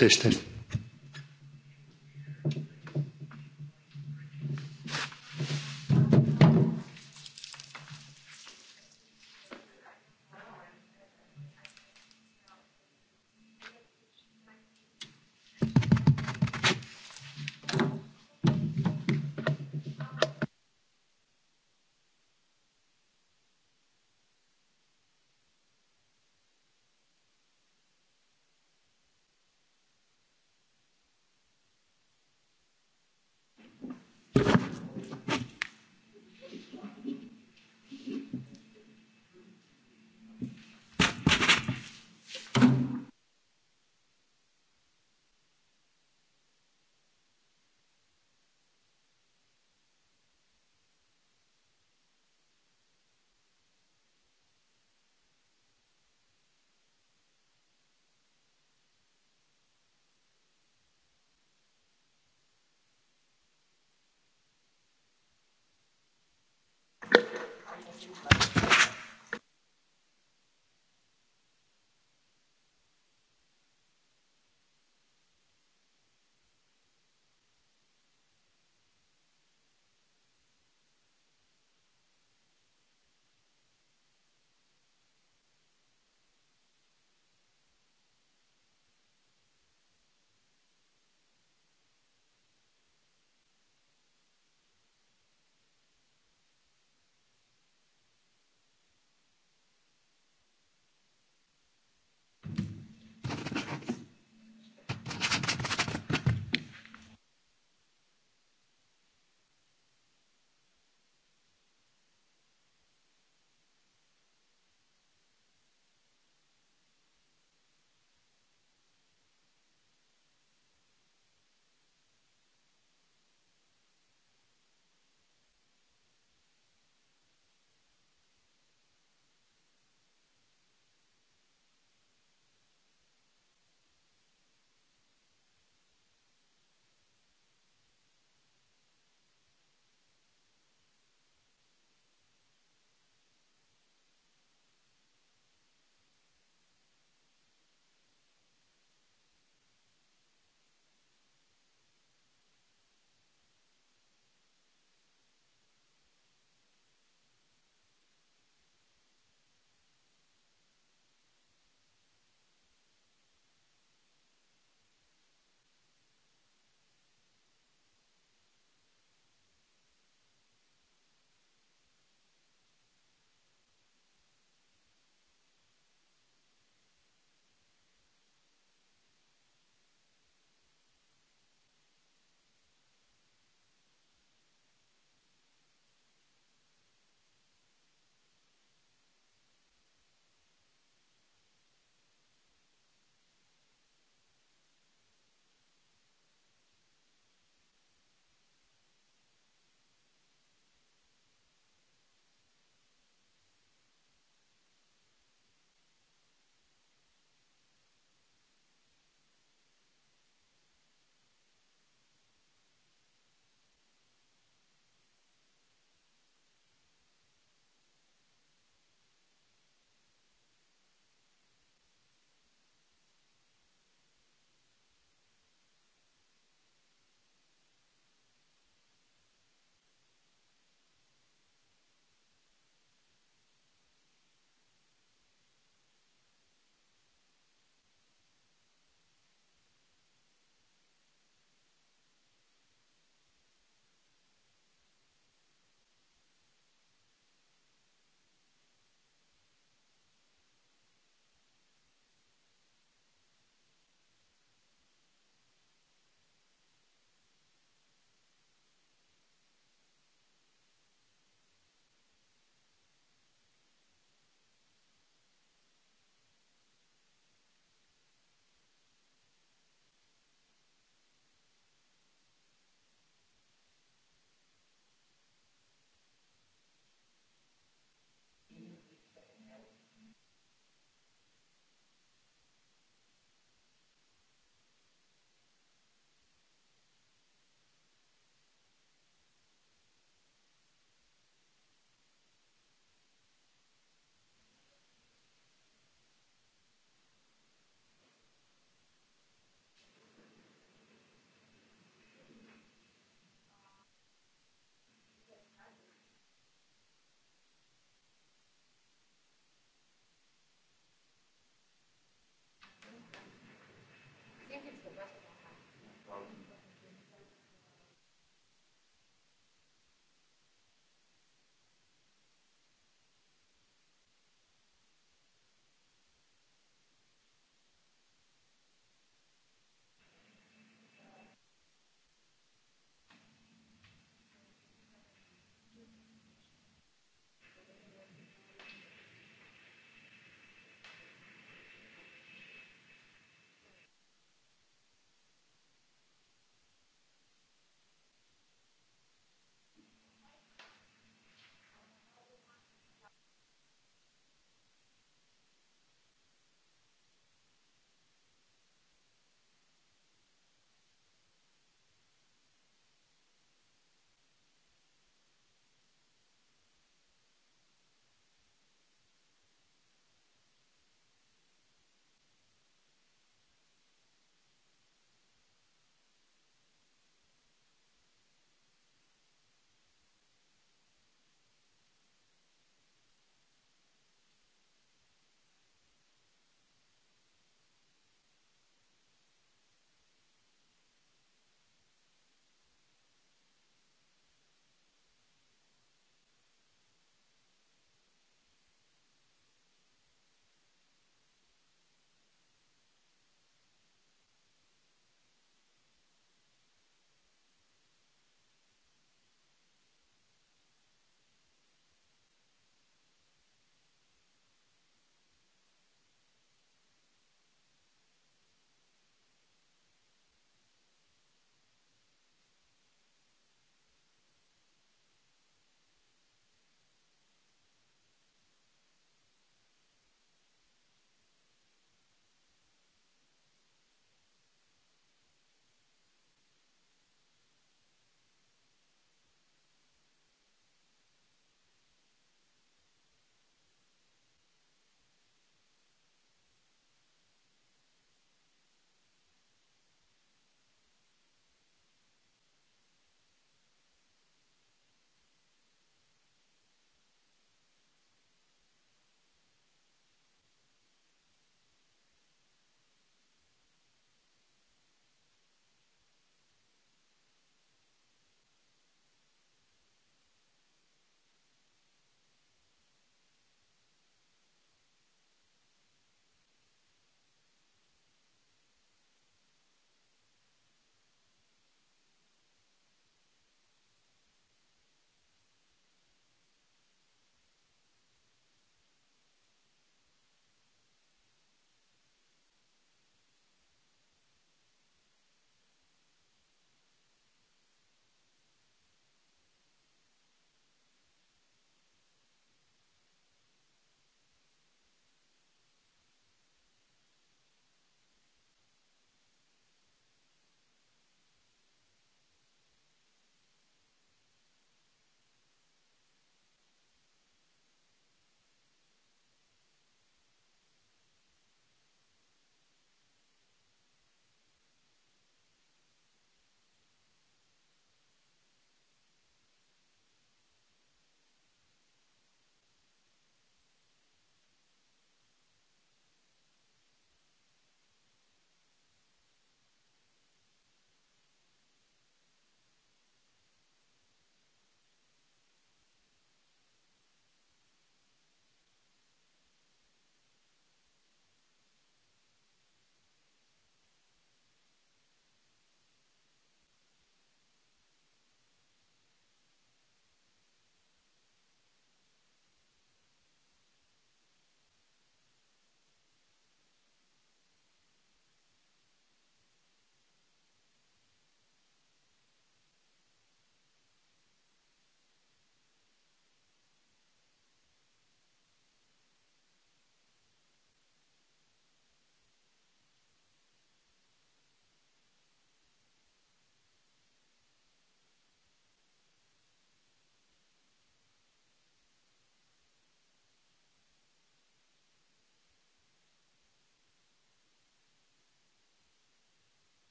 testen.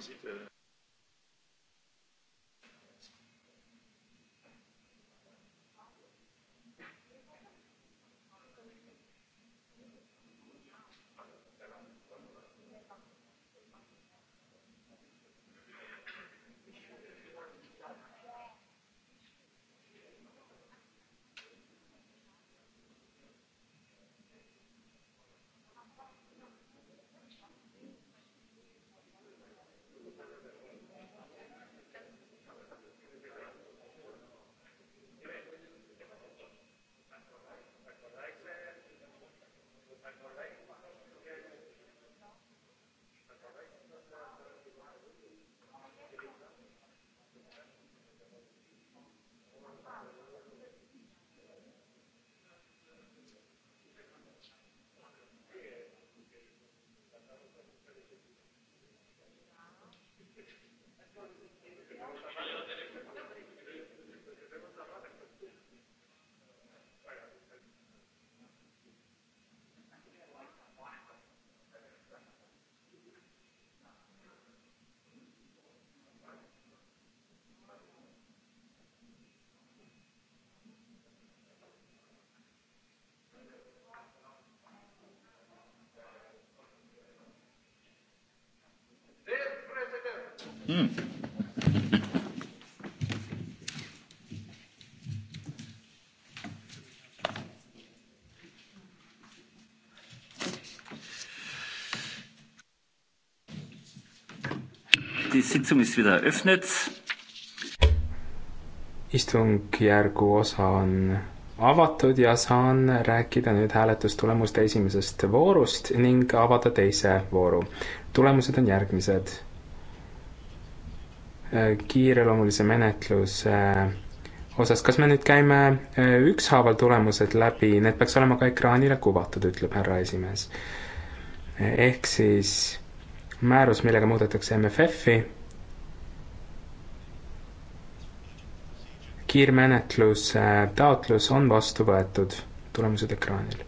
parasites eh? Mm. Die Sitzung ist wieder eröffnet. istungjärgu osa on avatud ja saan rääkida nüüd hääletustulemuste esimesest voorust ning avada teise vooru. tulemused on järgmised Äh, kiireloomulise menetluse äh, osas, kas me nüüd käime äh, ükshaaval tulemused läbi, need peaks olema ka ekraanile kuvatud, ütleb härra esimees. ehk siis määrus, millega muudetakse MFF-i, kiirmenetluse taotlus on vastu võetud, tulemused ekraanil.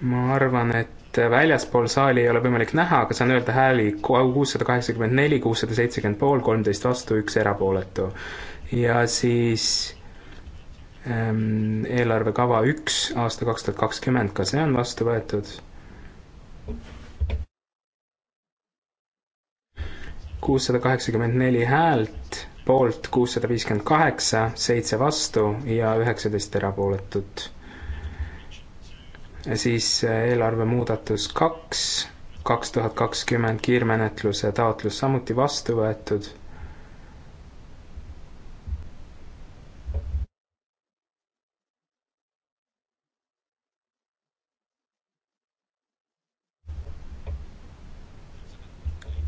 ma arvan, et väljaspool saali ei ole võimalik näha, aga saan öelda hääli kuussada kaheksakümmend neli, kuussada seitsekümmend pool, kolmteist vastu, üks erapooletu. ja siis ähm, eelarvekava üks aasta kaks tuhat kakskümmend, ka see on vastu võetud. kuussada kaheksakümmend neli häält, poolt kuussada viiskümmend kaheksa, seitse vastu ja üheksateist erapooletut siis äh, eelarve muudatus kaks, kaks tuhat kakskümmend kiirmenetluse taotlus samuti vastu võetud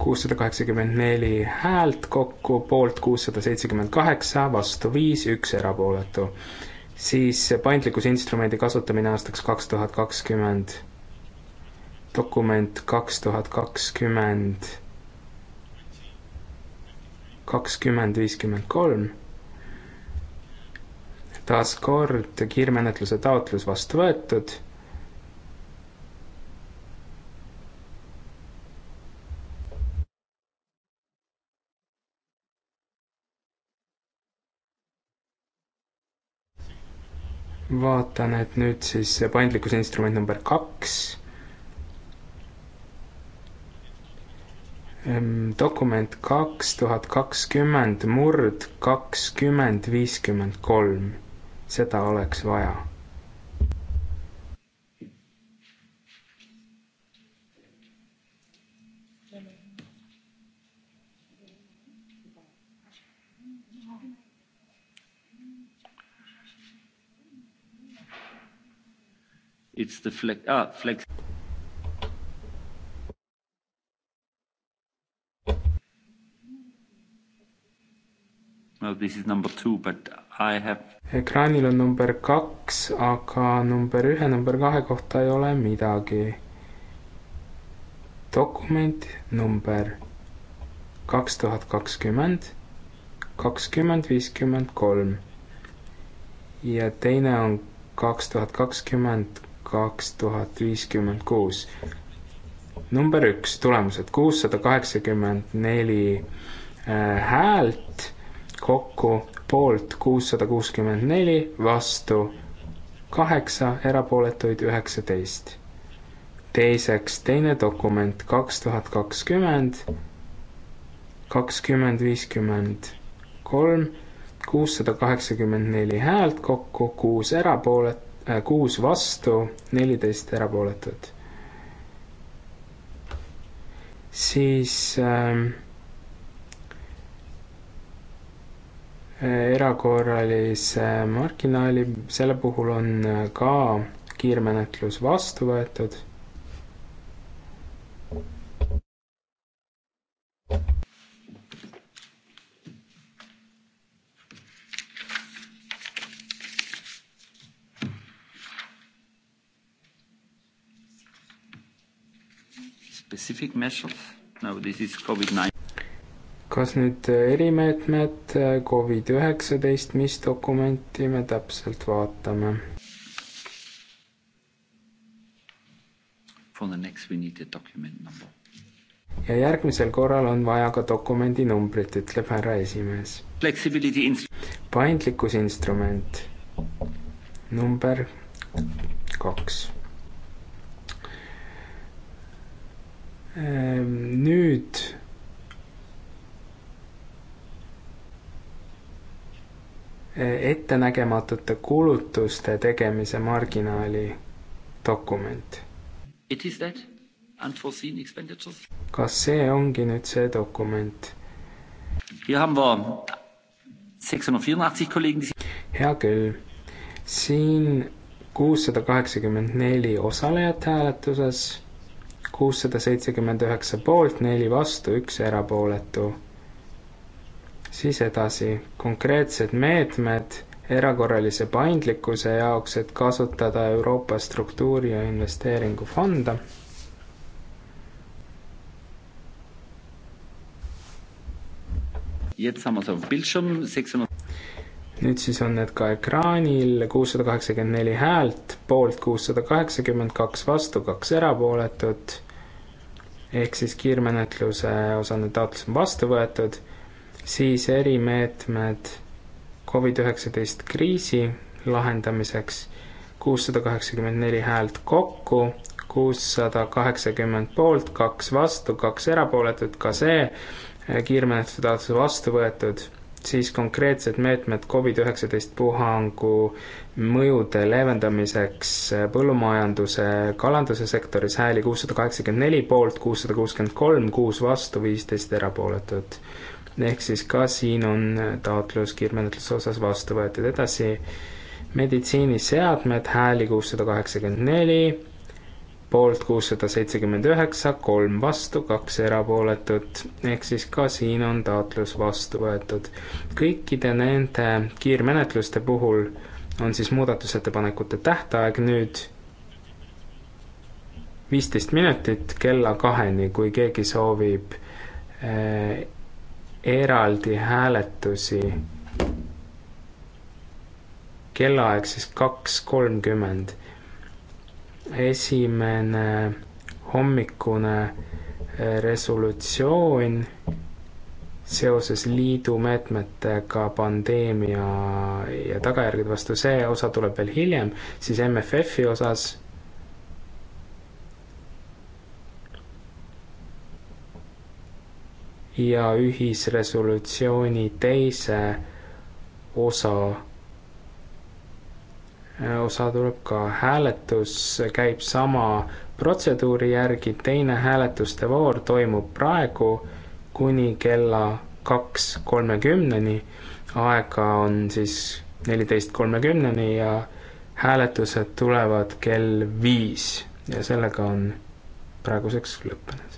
kuussada kaheksakümmend neli häält kokku, poolt kuussada seitsekümmend kaheksa, vastu viis, üks erapooletu siis paindlikkusinstrumendi kasutamine aastaks kaks tuhat kakskümmend, dokument kaks tuhat kakskümmend, kakskümmend viiskümmend kolm, taas kord kiirmenetluse taotlus vastu võetud vaatan, et nüüd siis see paindlikkuse instrument number kaks, dokument kaks tuhat kakskümmend murd kakskümmend viiskümmend kolm, seda oleks vaja It's the flex. Ah, flex. Well, this is number two, but I have. ekraanil on number kaks, aga number ühe, number kahe kohta ei ole midagi. dokument number kaks tuhat kakskümmend, kakskümmend viiskümmend kolm. ja teine on kaks tuhat kakskümmend kaks tuhat viiskümmend kuus. number üks, tulemused kuussada kaheksakümmend neli äh, häält, kokku poolt kuussada kuuskümmend neli, vastu kaheksa, erapooletuid üheksateist. teiseks, teine dokument kaks tuhat kakskümmend, kakskümmend viiskümmend kolm, kuussada kaheksakümmend neli häält kokku, kuus erapoolet-, Äh, kuus vastu, neliteist erapooletut. siis ähm, äh, erakorralise marginaali, selle puhul on äh, ka kiirmenetlus vastu võetud specific measures? No, this is COVID-19. kas nüüd äh, erimeetmed, äh, Covid üheksateist, mis dokumenti me täpselt vaatame? For the next we need a document number. ja järgmisel korral on vaja ka dokumendi numbrit, ütleb härra esimees. Flexibility inst-. paindlikkusinstrument number kaks ettenägematute kulutuste tegemise marginaali dokument. kas see ongi nüüd see dokument? hea küll, siin kuussada kaheksakümmend neli osalejat hääletuses, kuussada seitsekümmend üheksa poolt, neli vastu, üks erapooletu siis edasi konkreetsed meetmed erakorralise paindlikkuse jaoks, et kasutada Euroopa struktuuri- ja investeeringufonde. nüüd siis on need ka ekraanil, kuussada kaheksakümmend neli häält, poolt kuussada kaheksakümmend kaks, vastu kaks erapooletut, ehk siis kiirmenetluse osane taotlus on vastu võetud, siis erimeetmed Covid-19 kriisi lahendamiseks kuussada kaheksakümmend neli häält kokku, kuussada kaheksakümmend poolt, kaks vastu, kaks erapooletut, ka see eh, kiirmenetluse taotlus vastu võetud, siis konkreetsed meetmed Covid-19 puhangu mõjude leevendamiseks eh, põllumajanduse, kalanduse sektoris hääli kuussada kaheksakümmend neli poolt, kuussada kuuskümmend kolm, kuus vastu, viisteist erapooletut ehk siis ka siin on äh, taotlus kiirmenetluse osas vastu võetud. edasi meditsiiniseadmed, hääli kuussada kaheksakümmend neli, poolt kuussada seitsekümmend üheksa, kolm vastu, kaks erapooletut, ehk siis ka siin on taotlus vastu võetud. kõikide nende kiirmenetluste puhul on siis muudatusettepanekute tähtaeg nüüd viisteist minutit kella kaheni, kui keegi soovib äh, eraldi hääletusi kellaaeg siis kaks kolmkümmend. esimene hommikune äh, resolutsioon seoses liidu meetmetega pandeemia ja tagajärgede vastu, see osa tuleb veel hiljem, siis MFF-i osas ja ühisresolutsiooni teise osa osa tuleb ka hääletus, käib sama protseduuri järgi, teine hääletuste voor toimub praegu kuni kella kaks kolmekümneni. aega on siis neliteist kolmekümneni ja hääletused tulevad kell viis ja sellega on praeguseks lõppenud.